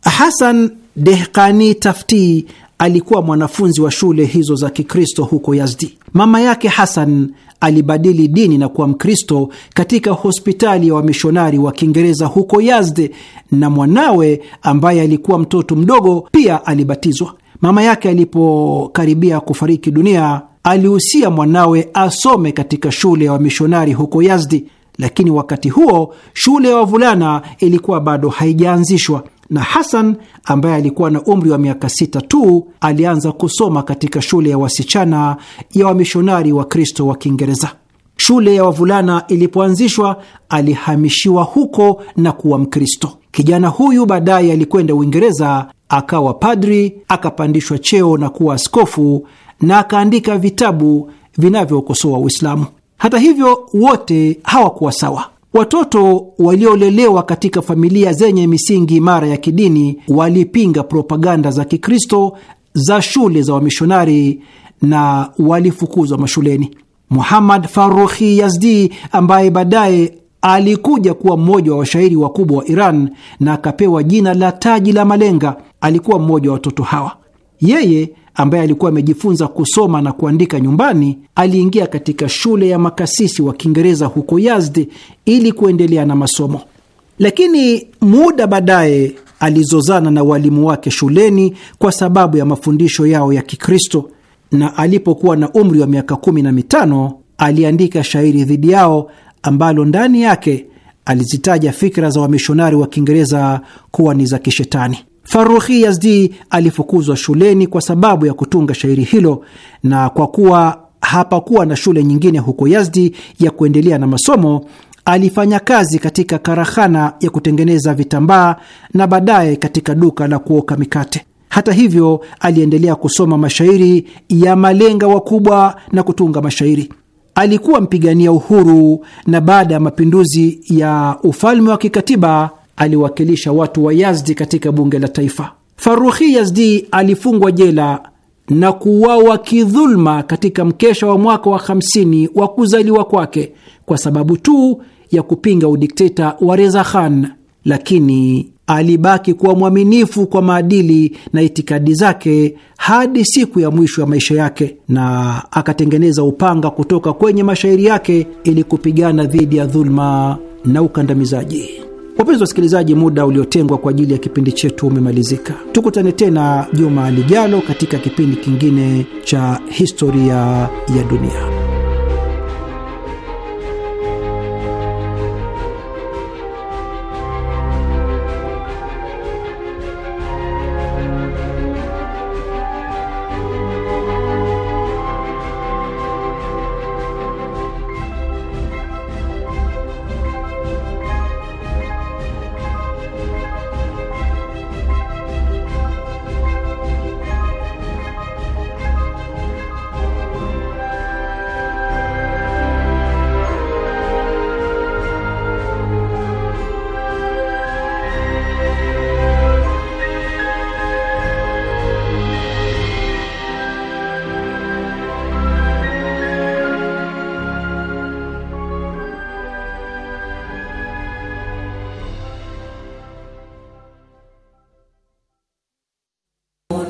S1: Hasan Dehkani Tafti alikuwa mwanafunzi wa shule hizo za Kikristo huko Yazdi. Mama yake Hasan alibadili dini na kuwa Mkristo katika hospitali ya wa wamishonari wa Kiingereza huko Yazdi, na mwanawe ambaye alikuwa mtoto mdogo pia alibatizwa. Mama yake alipokaribia kufariki dunia alihusia mwanawe asome katika shule ya wa wamishonari huko Yazdi, lakini wakati huo shule ya wavulana ilikuwa bado haijaanzishwa na Hasan ambaye alikuwa na umri wa miaka sita tu alianza kusoma katika shule ya wasichana ya wamishonari wa Kristo wa Kiingereza. Shule ya wavulana ilipoanzishwa, alihamishiwa huko na kuwa Mkristo. Kijana huyu baadaye alikwenda Uingereza, akawa padri, akapandishwa cheo na kuwa askofu na akaandika vitabu vinavyokosoa Uislamu. Hata hivyo, wote hawakuwa sawa. Watoto waliolelewa katika familia zenye misingi imara ya kidini walipinga propaganda za Kikristo za shule za wamishonari na walifukuzwa mashuleni. Muhammad faruhi Yazdi ambaye baadaye alikuja kuwa mmoja wa washairi wakubwa wa Iran na akapewa jina la taji la malenga, alikuwa mmoja wa watoto hawa. Yeye ambaye alikuwa amejifunza kusoma na kuandika nyumbani, aliingia katika shule ya makasisi wa Kiingereza huko Yazdi ili kuendelea na masomo, lakini muda baadaye alizozana na walimu wake shuleni kwa sababu ya mafundisho yao ya Kikristo, na alipokuwa na umri wa miaka kumi na mitano aliandika shairi dhidi yao ambalo ndani yake alizitaja fikra za wamishonari wa Kiingereza kuwa ni za kishetani. Farughi Yazdi alifukuzwa shuleni kwa sababu ya kutunga shairi hilo, na kwa kuwa hapakuwa na shule nyingine huko Yazdi ya kuendelea na masomo, alifanya kazi katika karakhana ya kutengeneza vitambaa na baadaye katika duka la kuoka mikate. Hata hivyo, aliendelea kusoma mashairi ya malenga wakubwa na kutunga mashairi. Alikuwa mpigania uhuru na baada ya mapinduzi ya ufalme wa kikatiba aliwakilisha watu wa Yazdi katika bunge la taifa. Faruhi Yazdi alifungwa jela na kuuawa kidhulma katika mkesha wa mwaka wa 50 wa kuzaliwa kwake kwa sababu tu ya kupinga udikteta wa Reza Khan, lakini alibaki kuwa mwaminifu kwa maadili na itikadi zake hadi siku ya mwisho ya maisha yake, na akatengeneza upanga kutoka kwenye mashairi yake ili kupigana dhidi ya dhuluma na ukandamizaji. Wapenzi wasikilizaji, muda uliotengwa kwa ajili ya kipindi chetu umemalizika. Tukutane tena juma lijalo katika kipindi kingine cha historia ya dunia.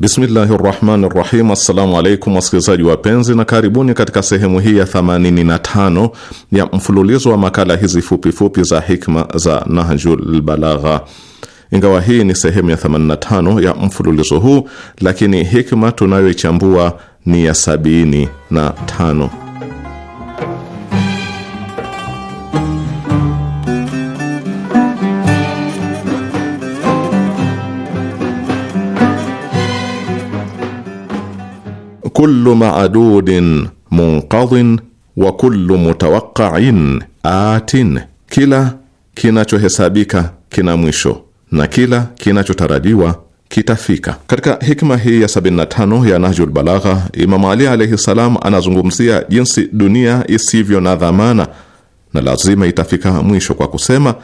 S2: Bismillahi rahmani rahim. Assalamu alaikum wasikilizaji wapenzi, na karibuni katika sehemu hii ya 85 ya mfululizo wa makala hizi fupifupi za hikma za Nahjul Balagha. Ingawa hii ni sehemu ya 85 ya mfululizo huu, lakini hikma tunayoichambua ni ya 75. kullu maadudin munqadhin wa kullu mutawaqqa'in atin, kila kinachohesabika kina mwisho na kila kinachotarajiwa kitafika. Katika hikma hii ya 75 ya Nahjul Balagha, Imam Ali alayhi salam anazungumzia jinsi dunia isivyo na dhamana na lazima itafika mwisho kwa kusema,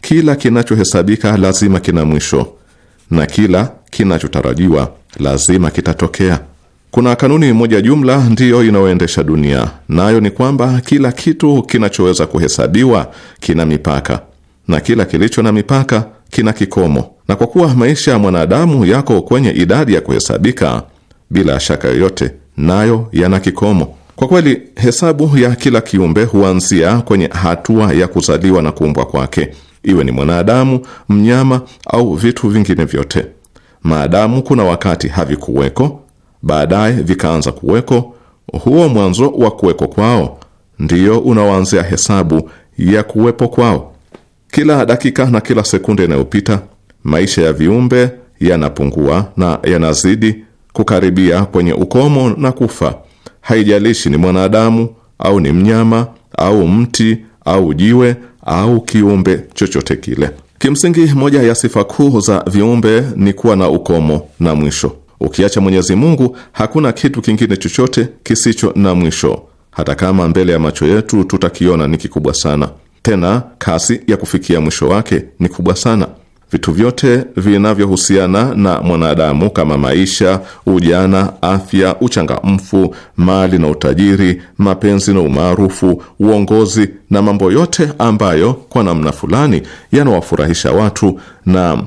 S2: kila kinachohesabika lazima kina mwisho na kila kinachotarajiwa lazima kitatokea. Kuna kanuni moja jumla ndiyo inayoendesha dunia, nayo ni kwamba kila kitu kinachoweza kuhesabiwa kina mipaka na kila kilicho na mipaka kina kikomo. Na kwa kuwa maisha ya mwanadamu yako kwenye idadi ya kuhesabika, bila shaka yoyote, nayo yana kikomo. Kwa kweli, hesabu ya kila kiumbe huanzia kwenye hatua ya kuzaliwa na kuumbwa kwake, iwe ni mwanadamu, mnyama au vitu vingine vyote. Maadamu kuna wakati havikuweko baadaye vikaanza kuweko. Huo mwanzo wa kuweko kwao ndiyo unaoanzia hesabu ya kuwepo kwao. Kila dakika na kila sekunde inayopita, maisha ya viumbe yanapungua na yanazidi kukaribia kwenye ukomo na kufa. Haijalishi ni mwanadamu au ni mnyama au mti au jiwe au kiumbe chochote kile. Kimsingi, moja ya sifa kuu za viumbe ni kuwa na ukomo na mwisho. Ukiacha Mwenyezi Mungu hakuna kitu kingine chochote kisicho na mwisho, hata kama mbele ya macho yetu tutakiona ni kikubwa sana, tena kasi ya kufikia mwisho wake ni kubwa sana. Vitu vyote vinavyohusiana na mwanadamu kama maisha, ujana, afya, uchangamfu, mali na utajiri, mapenzi na umaarufu, uongozi na mambo yote ambayo kwa namna fulani yanawafurahisha watu na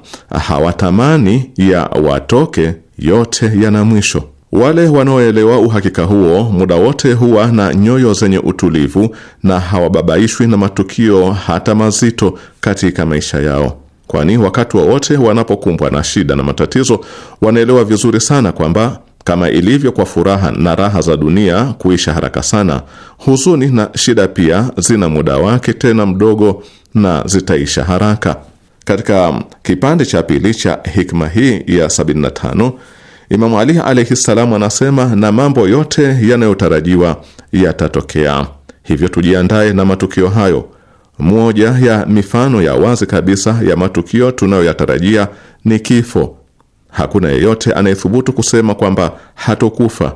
S2: hawatamani ya watoke yote yana mwisho. Wale wanaoelewa uhakika huo muda wote huwa na nyoyo zenye utulivu na hawababaishwi na matukio hata mazito katika maisha yao, kwani wakati wowote wa wanapokumbwa na shida na matatizo wanaelewa vizuri sana kwamba kama ilivyo kwa furaha na raha za dunia kuisha haraka sana, huzuni na shida pia zina muda wake, tena mdogo, na zitaisha haraka. Katika kipande cha pili cha hikma hii ya 75 Imamu Ali alaihi ssalam anasema, na mambo yote yanayotarajiwa yatatokea, hivyo tujiandaye na matukio hayo. Moja ya mifano ya wazi kabisa ya matukio tunayoyatarajia ni kifo. Hakuna yeyote anayethubutu kusema kwamba hatokufa.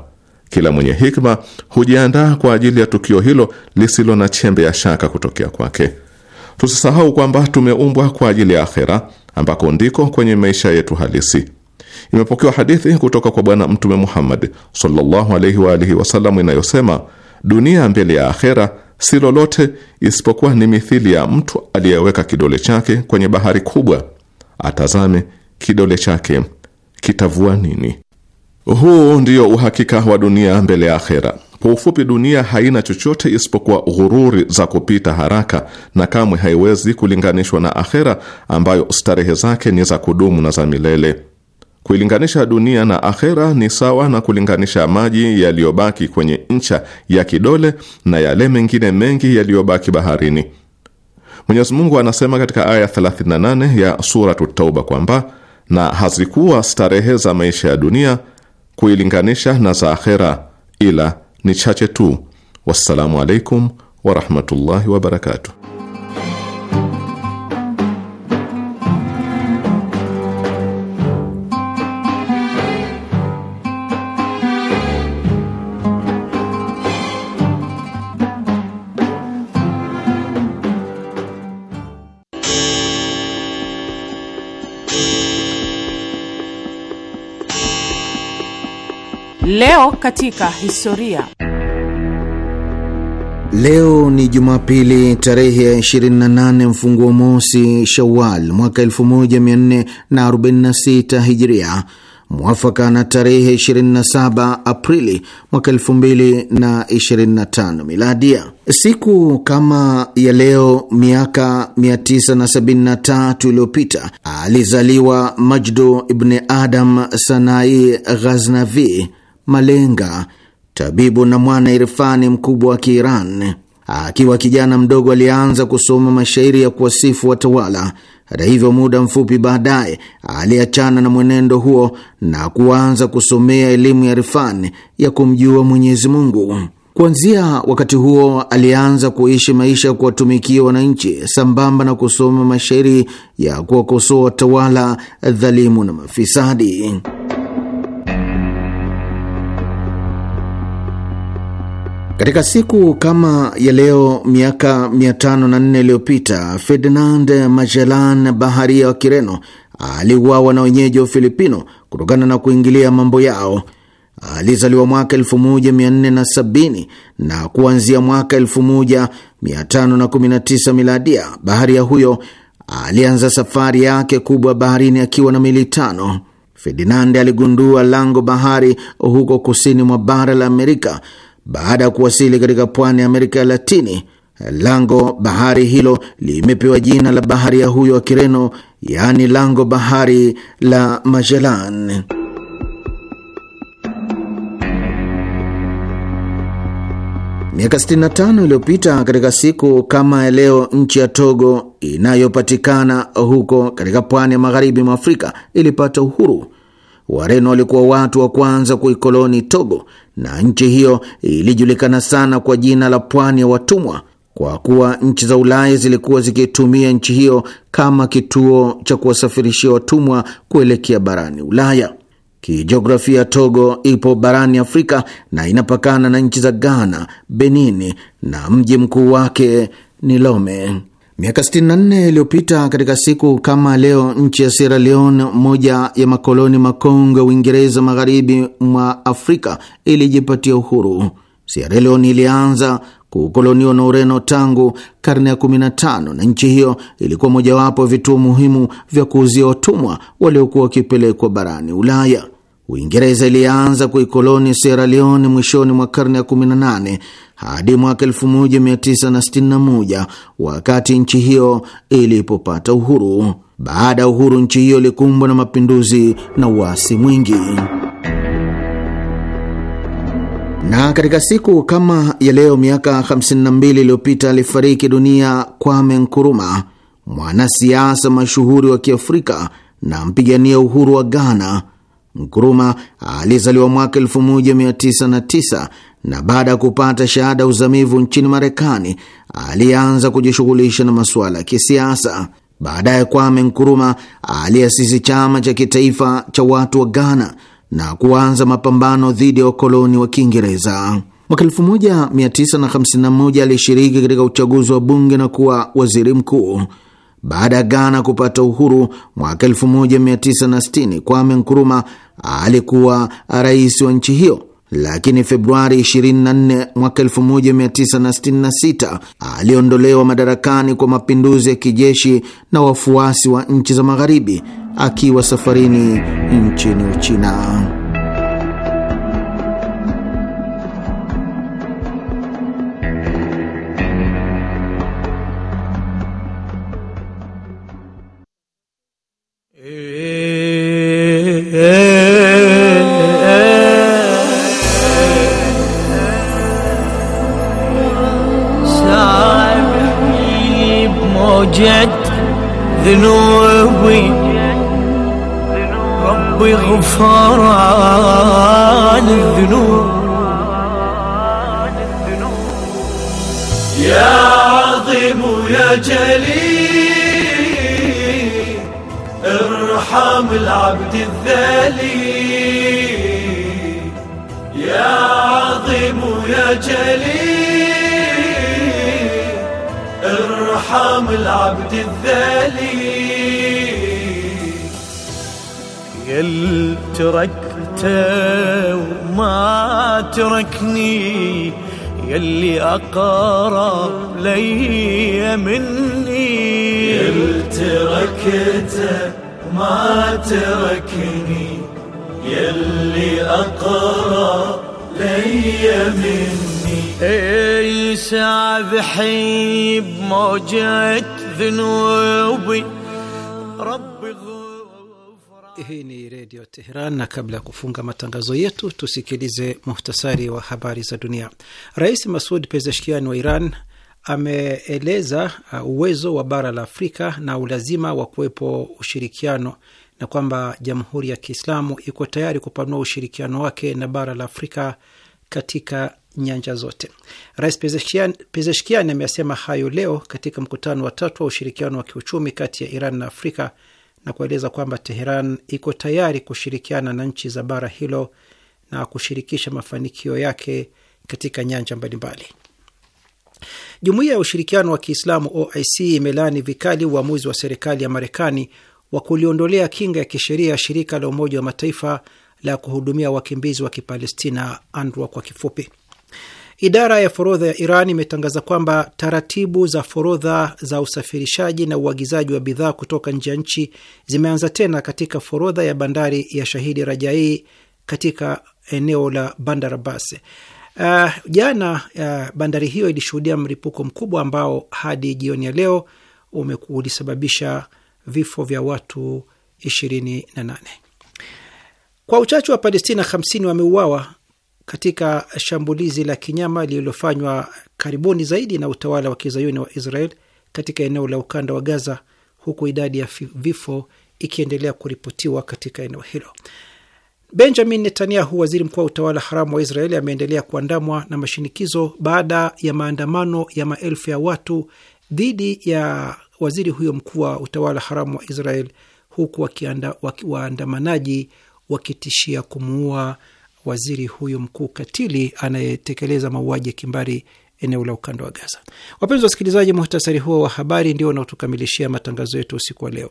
S2: Kila mwenye hikma hujiandaa kwa ajili ya tukio hilo lisilo na chembe ya shaka kutokea kwake. Tusisahau kwamba tumeumbwa kwa ajili ya akhera ambako ndiko kwenye maisha yetu halisi. Imepokewa hadithi kutoka kwa Bwana Mtume Muhammad sallallahu alaihi wa alihi wasallam inayosema, dunia mbele ya akhera si lolote isipokuwa ni mithili ya mtu aliyeweka kidole chake kwenye bahari kubwa, atazame kidole chake kitavua nini. Huu ndiyo uhakika wa dunia mbele ya akhera. Kwa ufupi, dunia haina chochote isipokuwa ghururi za kupita haraka na kamwe haiwezi kulinganishwa na akhera ambayo starehe zake ni za kudumu na za milele. Kuilinganisha dunia na akhera ni sawa na kulinganisha maji yaliyobaki kwenye ncha ya kidole na yale mengine mengi yaliyobaki baharini. Mwenyezi Mungu anasema katika aya 38 ya Suratu Tauba kwamba na hazikuwa starehe za maisha ya dunia kuilinganisha na za akhera ila ni chache tu. Wassalamu alaikum warahmatullahi wabarakatuh.
S3: Leo katika historia.
S4: Leo ni Jumapili tarehe ya 28 mfunguo mosi Shawal mwaka 1446 Hijria, mwafaka na tarehe 27 Aprili mwaka 2025 Miladia. Siku kama ya leo miaka 973 iliyopita alizaliwa Majdu Ibni Adam Sanai Ghaznavi malenga, tabibu na mwana irfani mkubwa wa Kiiran. Akiwa kijana mdogo, alianza kusoma mashairi ya kuwasifu watawala. Hata hivyo, muda mfupi baadaye aliachana na mwenendo huo na kuanza kusomea elimu ya irfani ya kumjua Mwenyezi Mungu. Kuanzia wakati huo alianza kuishi maisha ya kuwatumikia wananchi sambamba na kusoma mashairi ya kuwakosoa watawala dhalimu na mafisadi. Katika siku kama ya leo miaka 504 iliyopita Ferdinand Magellan, baharia wa Kireno, aliuawa na wenyeji wa Ufilipino kutokana na kuingilia mambo yao. Alizaliwa mwaka 1470 na kuanzia mwaka 1519 miladia, baharia huyo alianza safari yake kubwa baharini akiwa na meli tano. Ferdinand aligundua lango bahari huko kusini mwa bara la Amerika baada ya kuwasili katika pwani ya Amerika ya Latini, lango bahari hilo limepewa jina la baharia huyo wa Kireno, yaani lango bahari la Magellan. Miaka 65 iliyopita katika siku kama ya leo, nchi ya Togo inayopatikana huko katika pwani ya magharibi mwa Afrika ilipata uhuru. Wareno walikuwa watu wa kwanza kuikoloni Togo na nchi hiyo ilijulikana sana kwa jina la pwani ya watumwa kwa kuwa nchi za Ulaya zilikuwa zikitumia nchi hiyo kama kituo cha kuwasafirishia watumwa kuelekea barani Ulaya. Kijiografia, Togo ipo barani Afrika na inapakana na nchi za Ghana, Benini na mji mkuu wake ni Lome. Miaka 64 iliyopita katika siku kama leo, nchi ya Sierra Leone, moja ya makoloni makongwe Uingereza magharibi mwa Afrika, ilijipatia uhuru. Sierra Leone ilianza kukoloniwa na Ureno tangu karne ya 15 na nchi hiyo ilikuwa mojawapo vituo muhimu vya kuuzia watumwa waliokuwa wakipelekwa barani Ulaya. Uingereza ilianza kuikoloni Sierra Leone mwishoni mwa karne ya 18 hadi mwaka 1961 wakati nchi hiyo ilipopata uhuru. Baada ya uhuru, nchi hiyo ilikumbwa na mapinduzi na uasi mwingi na katika siku kama ya leo miaka 52 iliyopita alifariki dunia Kwame Nkuruma, mwanasiasa mashuhuri wa Kiafrika na mpigania uhuru wa Ghana Nkruma alizaliwa mwaka 1909 na baada ya kupata shahada ya uzamivu nchini Marekani alianza kujishughulisha na masuala ya kisiasa. Baadaye Kwame Nkruma aliasisi chama cha kitaifa cha watu wa Ghana na kuanza mapambano dhidi ya ukoloni wa Kiingereza. Mwaka 1951 alishiriki katika uchaguzi wa bunge na kuwa waziri mkuu. Baada ya Ghana kupata uhuru mwaka 1960, Kwame Nkrumah alikuwa rais wa nchi hiyo, lakini Februari 24 mwaka 1966 aliondolewa madarakani kwa mapinduzi ya kijeshi na wafuasi wa nchi za Magharibi akiwa safarini nchini Uchina.
S3: ذنوبي ربي غفران الذنوب يا عظيم يا جليل ارحم العبد الذليل يا عظيم يا جليل ارحم العبد الذليل يل تركته وما تركني يلي أقرب لي مني يل تركته وما تركني يلي أقرب لي مني إيه سابحي بموجة ذنوبي
S1: ربي hii ni redio Teheran, na kabla ya kufunga matangazo yetu tusikilize muhtasari wa habari za dunia. Rais Masud Pezeshkian wa Iran ameeleza uh, uwezo wa bara la Afrika na ulazima wa kuwepo ushirikiano na kwamba Jamhuri ya Kiislamu iko tayari kupanua ushirikiano wake na bara la Afrika katika nyanja zote. Rais Pezeshkian ameasema hayo leo katika mkutano wa tatu wa ushirikiano wa kiuchumi kati ya Iran na Afrika na kueleza kwamba Teheran iko tayari kushirikiana na nchi za bara hilo na kushirikisha mafanikio yake katika nyanja mbalimbali. Jumuiya ya Ushirikiano wa Kiislamu OIC imelaani vikali uamuzi wa serikali ya Marekani wa kuliondolea kinga ya kisheria shirika la Umoja wa Mataifa la kuhudumia wakimbizi wa Kipalestina, UNRWA kwa kifupi. Idara ya forodha ya Iran imetangaza kwamba taratibu za forodha za usafirishaji na uagizaji wa bidhaa kutoka nje ya nchi zimeanza tena katika forodha ya bandari ya Shahidi Rajai katika eneo la Bandar Abbas. Uh, jana uh, bandari hiyo ilishuhudia mlipuko mkubwa ambao hadi jioni ya leo ulisababisha vifo vya watu 28. Kwa uchache wa Palestina 50 wameuawa katika shambulizi la kinyama lililofanywa karibuni zaidi na utawala wa kizayuni wa Israel katika eneo la ukanda wa Gaza, huku idadi ya vifo ikiendelea kuripotiwa katika eneo hilo. Benjamin Netanyahu, waziri mkuu wa utawala haramu wa Israeli, ameendelea kuandamwa na mashinikizo baada ya maandamano ya maelfu ya watu dhidi ya waziri huyo mkuu wa utawala haramu wa Israel, huku waandamanaji wakitishia kumuua waziri huyu mkuu katili anayetekeleza mauaji ya kimbari eneo la ukanda wa Gaza. Wapenzi wasikilizaji, muhtasari huo wa habari ndio unaotukamilishia matangazo yetu usiku wa leo,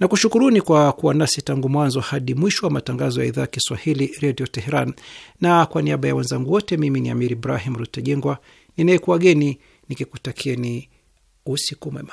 S1: na kushukuruni kwa kuwa nasi tangu mwanzo hadi mwisho wa matangazo ya idhaa Kiswahili Redio Teheran. Na kwa niaba ya wenzangu wote, mimi ni Amir Ibrahim Rutajengwa ninayekuwageni nikikutakieni usiku mwema.